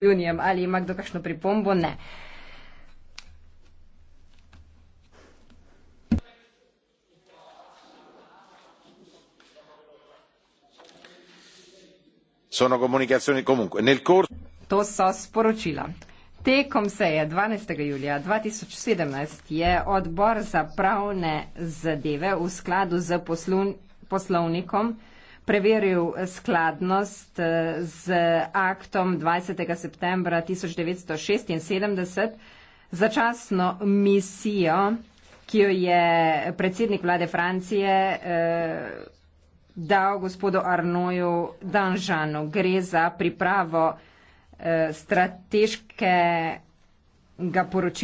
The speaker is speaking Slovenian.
Junijem, ali ima kdo kakšno pripombo? Ne. To so sporočila. Tekom seje 12. julija 2017 je odbor za pravne zadeve v skladu z poslovnikom preveril skladnost eh, z aktom 20. septembra 1976 začasno misijo, ki jo je predsednik vlade Francije eh, dal gospodu Arnoju Danžanu. Gre za pripravo eh, strateškega poročila.